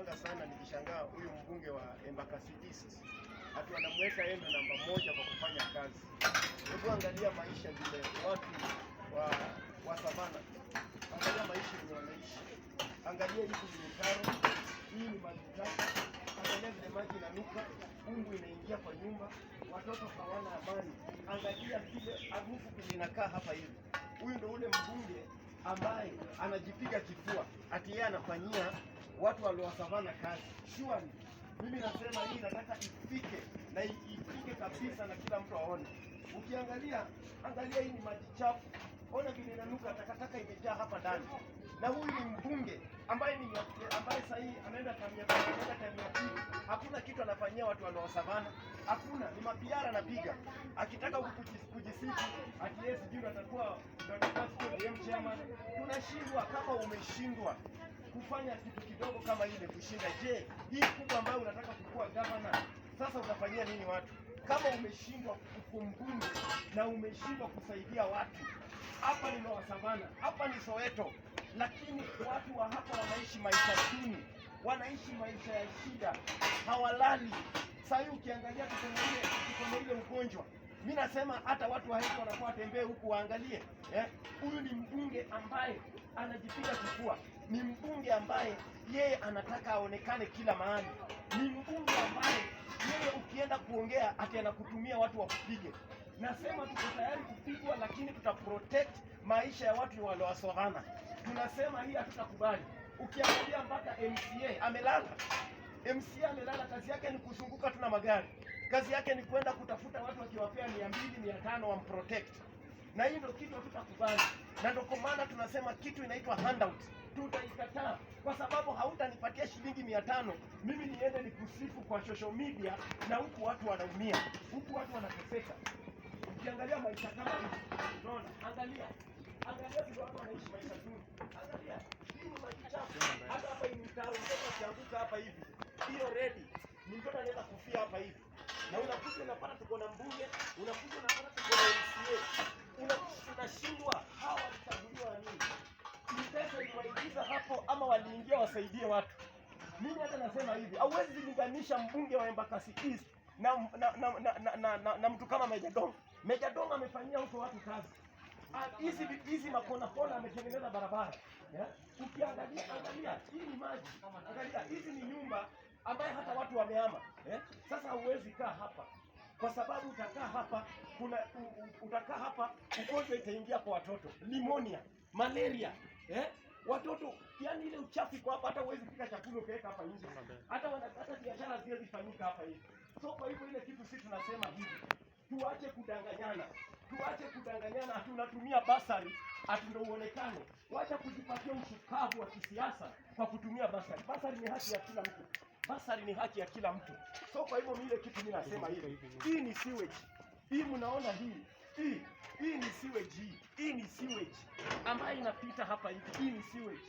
nimeshangaa sana, nikishangaa huyu mbunge wa Embakasi East ati anamweka yeye namba moja kwa kufanya kazi. Hebu angalia maisha vile watu wa wa savana, angalia maisha vile wanaishi, angalia hivi ni mitaro, hii ni maji taka, angalia vile maji inanuka, umbu inaingia kwa nyumba, watoto hawana amani, angalia vile harufu inakaa hapa hivi. Huyu ndo ule mbunge ambaye anajipiga kifua ati yeye anafanyia watu waliowasavana kazi sure. Mimi nasema hii nataka ifike na ifike kabisa, na kila mtu aone. Ukiangalia angalia, hii ni maji chafu, ona vile inanuka, takataka imejaa hapa ndani, na huyu ni mbunge ambaye ni ambaye sasa anaenda kamia anaenda kamia pili, hakuna kitu anafanyia watu wanaosavana, hakuna ni mapiara anapiga, akitaka kujisifu ati yeye sijui atakuwa ndio chairman. Tunashindwa kama umeshindwa kufanya kitu kidogo kama ile kushinda. Je, hii kubwa ambayo unataka kukua gavana, sasa utafanyia nini watu kama umeshindwa kukumbuni na umeshindwa kusaidia watu? Hapa ni Lower Savana, hapa ni Soweto, lakini watu wa hapa wanaishi maisha duni, wanaishi maisha ya shida, hawalali. Sasa hii ukiangalia tuko na ile ugonjwa mi nasema hata watu wa wanakuwa watembee huku waangalie, eh? huyu ni mbunge ambaye anajipiga kifua. Ni mbunge ambaye yeye anataka aonekane kila mahali. Ni mbunge ambaye yeye ukienda kuongea ati anakutumia watu wakupige. Nasema tuko tayari kupigwa, lakini tuta protect maisha ya watu waliowasogana. Tunasema hii hatutakubali. Ukiangalia mpaka MCA amelala, MCA amelala. Kazi yake ni kuzunguka, tuna magari, kazi yake ni kwenda kutafuta watu, akiwapea mia mbili mia tano wamprotect na hii ndio kitu hatutakubali, na ndio kwa maana tunasema kitu inaitwa handout tutaikataa, kwa sababu hautanipatia shilingi mia tano mimi niende nikusifu kwa social media, na huku watu wanaumia, huku watu wanateseka. Ukiangalia maisha kama hivi, unaona, angalia angalia vile watu wanaishi maisha duni, angalia hii ni maji chafu. Hata hapa hii mtaro, mtoto akianguka hapa hivi, hiyo redi ni mtoto anaweza kufia hapa hivi, na unakuja unapata tuko na mbunge, unakuja unapata tuko na MCA unashindwa, hawa walichaguliwa nini? Ni iliwaingiza hapo ama waliingia wasaidie watu? Mimi hata nasema hivi, hauwezi linganisha mbunge wa Embakasi East na na na, na, na, na, na, na mtu kama Meja Dong. Meja Dong amefanyia huko watu kazi ah, hizi hizi makona kona ametengeneza barabara yeah. Ukiangalia angalia, hii ni maji, angalia hizi ni nyumba ambaye hata watu wamehama yeah. Sasa huwezi kaa hapa kwa sababu utakaa hapa kuna utakaa hapa, ugonjwa itaingia kwa watoto, pneumonia, malaria eh? Watoto yani ile uchafu kwa hapa, hata huwezi pika chakula ukaweka hapa nje, hata hata biashara haziwezi fanyika hapa hivi. So kwa hivyo ile kitu sisi tunasema hivi, tuache kudanganyana, tuache kudanganyana, hatunatumia basari, ndio uonekano. Wacha kujipatia ushukavu wa kisiasa kwa kutumia basari. Basari ni haki ya kila mtu basari ni haki ya kila mtu. So kwa hivyo ile kitu mimi nasema hivi, hii ni sewage. Hii mnaona hii. Hii hii ni sewage. Hii, hii ni sewage ambayo inapita hapa hivi. Hii ni sewage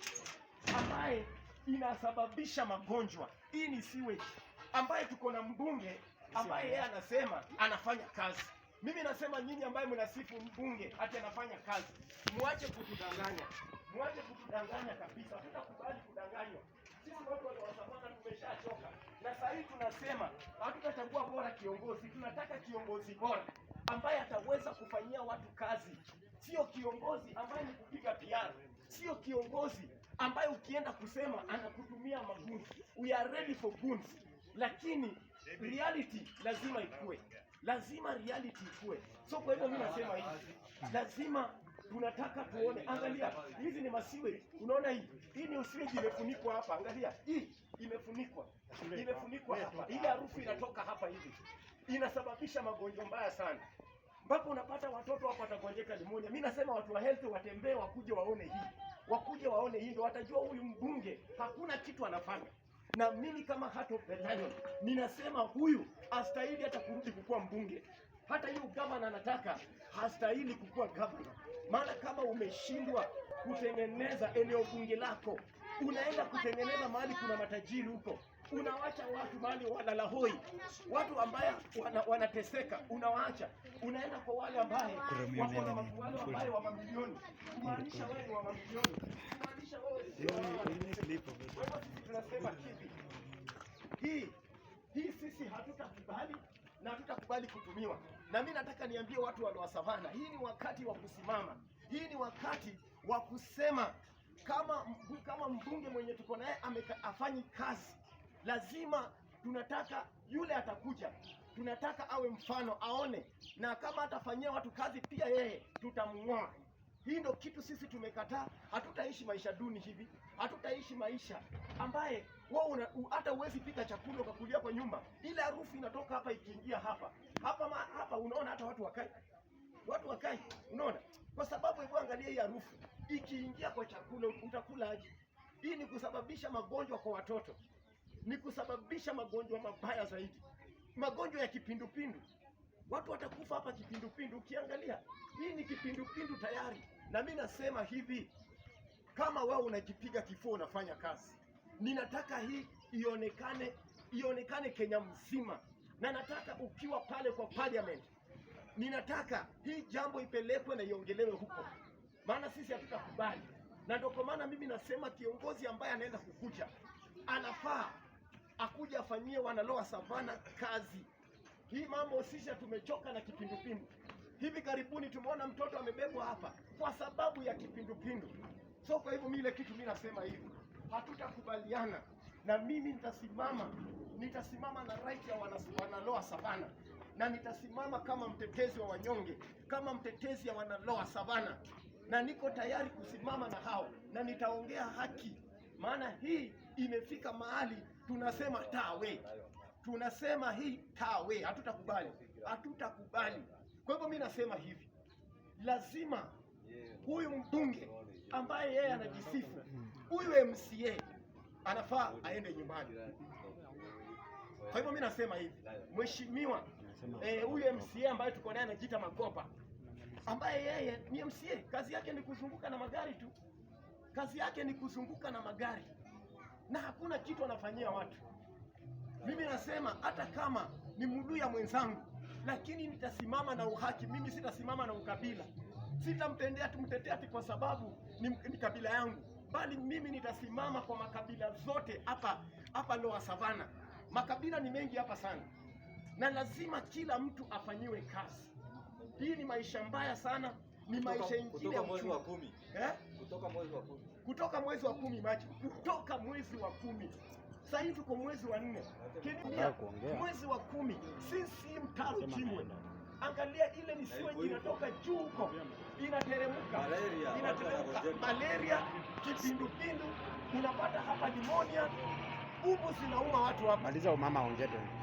ambaye inasababisha magonjwa. Hii ni sewage ambaye tuko na mbunge ambaye yeye anasema anafanya kazi. Mimi nasema nyinyi ambaye mnasifu mbunge hati anafanya kazi, muache kutudanganya, muache kutudanganya kabisa. Hatutakubali kudanganywa sisi watu wa tumeshachoka na saa hii tunasema hatutachagua bora kiongozi, tunataka kiongozi bora ambaye ataweza kufanyia watu kazi, sio kiongozi ambaye ni kupiga PR, sio kiongozi ambaye ukienda kusema anakutumia maguns. We are ready for guns, lakini reality lazima ikue, lazima reality ikue. So kwa hivyo mimi nasema hivi, lazima tunataka tuone. Angalia, hizi ni masiwe. Unaona hii hii ni usiwe imefunikwa hapa. Angalia hii imefunikwa, imefunikwa hapa, ile harufu inatoka hapa hivi, inasababisha magonjwa mbaya sana, mpaka unapata watoto hapo watagonjeka limonia. Mimi nasema watu wa health watembee, wakuje waone hii, wakuje waone hii, ndio watajua huyu mbunge hakuna kitu anafanya na mimi kama Heart of the Lion ninasema huyu astahili hata kurudi kukuwa mbunge hata hiyo gavana anataka hastahili kukuwa gavana, maana kama umeshindwa kutengeneza eneo bunge lako, unaenda kutengeneza mahali kuna matajiri huko, unawacha watu mahali walalahoi, watu ambaye wanateseka wana unawaacha, unaenda kwa wale ambaye wale ambaye wa mamilioni, kumaanisha wewe ni wa mamilioni, kumaanisha wewe. Tunasema hivi, hii hii sisi hatutakubali na hatutakubali kutumiwa. Na mimi nataka niambie watu wa Savana, hii ni wakati wa kusimama, hii ni wakati wa kusema kama kama mbunge mwenye tuko naye afanyi kazi, lazima tunataka yule atakuja, tunataka awe mfano, aone, na kama atafanyia watu kazi pia yeye tutamng'oa. Hii ndio kitu sisi tumekataa. Hatutaishi maisha duni hivi, hatutaishi maisha ambaye wewe hata uwezi pika chakula ukakulia kwa nyumba, ile harufu inatoka hapa ikiingia hapa hapa ma, hapa. Unaona hata watu wakai watu wakai, unaona kwa sababu, hebu angalia hii harufu ikiingia kwa chakula, utakula aje? Hii ni kusababisha magonjwa kwa watoto, ni kusababisha magonjwa mabaya zaidi, magonjwa ya kipindupindu. Watu watakufa hapa kipindupindu. Ukiangalia hii ni kipindupindu tayari. Na mimi nasema hivi, kama wewe unajipiga kifua unafanya kazi, ninataka hii ionekane, ionekane Kenya mzima, na nataka ukiwa pale kwa parliament, ninataka hii jambo ipelekwe na iongelewe huko, maana sisi hatutakubali. Na ndio kwa maana mimi nasema kiongozi ambaye anaenda kukuja anafaa akuja afanyie wanaloa Savana kazi hii. Mambo sisi tumechoka na kipindupindu. Hivi karibuni tumeona mtoto amebebwa hapa kwa sababu ya kipindupindu. So kwa hivyo mimi ile kitu mimi nasema hivi, hatutakubaliana na mimi nitasimama, nitasimama na right ya wanaloa Savana na nitasimama kama mtetezi wa wanyonge, kama mtetezi ya wanaloa Savana, na niko tayari kusimama na hao na nitaongea haki, maana hii imefika mahali tunasema tawe, tunasema hii tawe, hatutakubali, hatutakubali. Kwa hivyo mi nasema hivi, lazima huyu mbunge ambaye yeye anajisifu mm. huyu MCA anafaa aende nyumbani. Kwa hivyo mi nasema hivi, mheshimiwa eh, huyu eh, MCA ambaye tuko naye anajiita Makopa, ambaye yeye ni MCA, kazi yake ni kuzunguka na magari tu, kazi yake ni kuzunguka na magari na hakuna kitu anafanyia watu. Mimi nasema hata kama ni mduya mwenzangu lakini nitasimama na uhaki. Mimi sitasimama na ukabila, sitamtendea tumtetea ati kwa sababu ni, ni kabila yangu, bali mimi nitasimama kwa makabila zote hapa hapa Lower Savana. Makabila ni mengi hapa sana, na lazima kila mtu afanyiwe kazi. Hii ni maisha mbaya sana, ni maisha ingine ya mwezi wa kumi, eh? kutoka mwezi wa kumi, kutoka mwezi wa kumi maji, kutoka mwezi wa kumi sasa hivi tuko mwezi wa nne, mwezi wa kumi, sisi mtaro chimwe Angalia ile ni inatoka juu huko, inateremka inateremka, malaria, kipindupindu unapata hapa, nimonia, umbu zinauma watu hapa. Maliza umama, ongea tena.